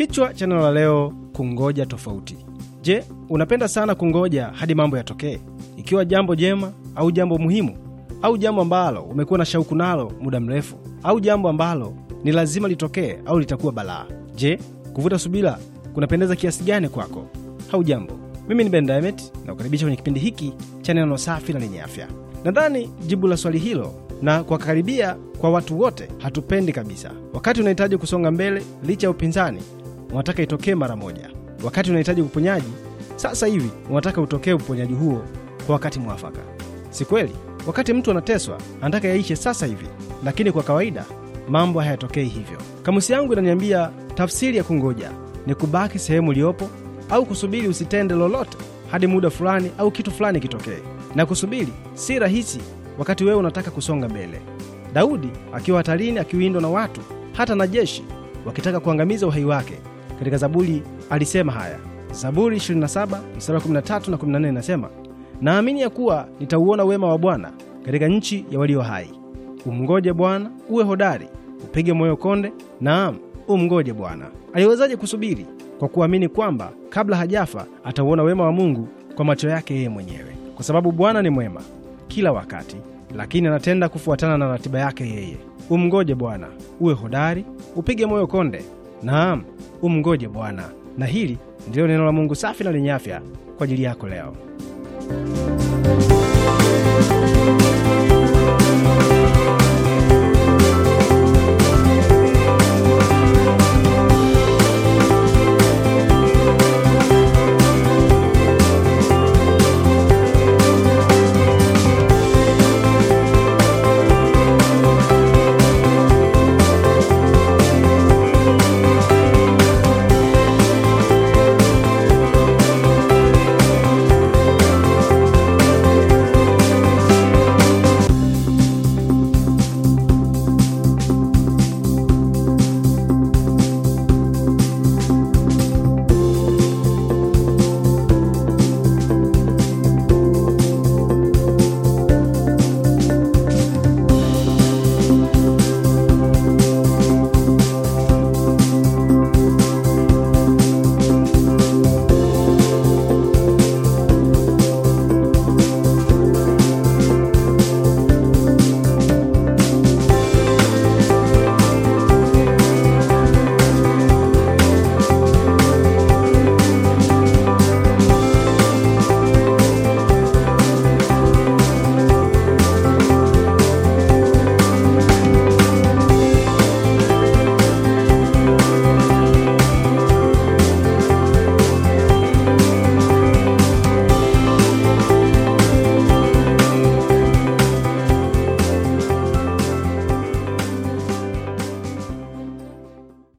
Kichwa cha neno la leo, kungoja tofauti. Je, unapenda sana kungoja hadi mambo yatokee, ikiwa jambo jema au jambo muhimu au jambo ambalo umekuwa na shauku nalo muda mrefu au jambo ambalo ni lazima litokee au litakuwa balaa? Je, kuvuta subira kunapendeza kiasi gani kwako? Hau jambo, mimi ni Ben Diamond na kukaribisha kwenye kipindi hiki cha neno safi na lenye afya. Nadhani jibu la swali hilo na kuwakaribia kwa watu wote hatupendi kabisa. Wakati unahitaji kusonga mbele licha ya upinzani unataka itokee mara moja. Wakati unahitaji uponyaji sasa hivi, unataka utokee uponyaji huo kwa wakati mwafaka, si kweli? Wakati mtu anateswa anataka yaishe sasa hivi, lakini kwa kawaida mambo hayatokei hivyo. Kamusi yangu inaniambia tafsiri ya kungoja ni kubaki sehemu uliopo au kusubiri usitende lolote hadi muda fulani au kitu fulani kitokee. Na kusubiri si rahisi wakati wewe unataka kusonga mbele. Daudi akiwa hatarini, akiwindwa na watu hata na jeshi wakitaka kuangamiza uhai wake, katika Zaburi alisema haya. Zaburi 27 mstari 13 na 14 inasema, naamini ya kuwa nitauona wema wa Bwana katika nchi ya walio hai. Umngoje Bwana, uwe hodari, upige moyo konde, naam, umngoje Bwana. Aliwezaje kusubiri? Kwa kuamini kwamba kabla hajafa atauona wema wa Mungu kwa macho yake yeye mwenyewe, kwa sababu Bwana ni mwema kila wakati, lakini anatenda kufuatana na ratiba yake yeye. Umngoje Bwana, uwe hodari, upige moyo konde, Naam, umngoje Bwana. Na hili ndilo neno la Mungu safi na lenye afya kwa ajili yako leo.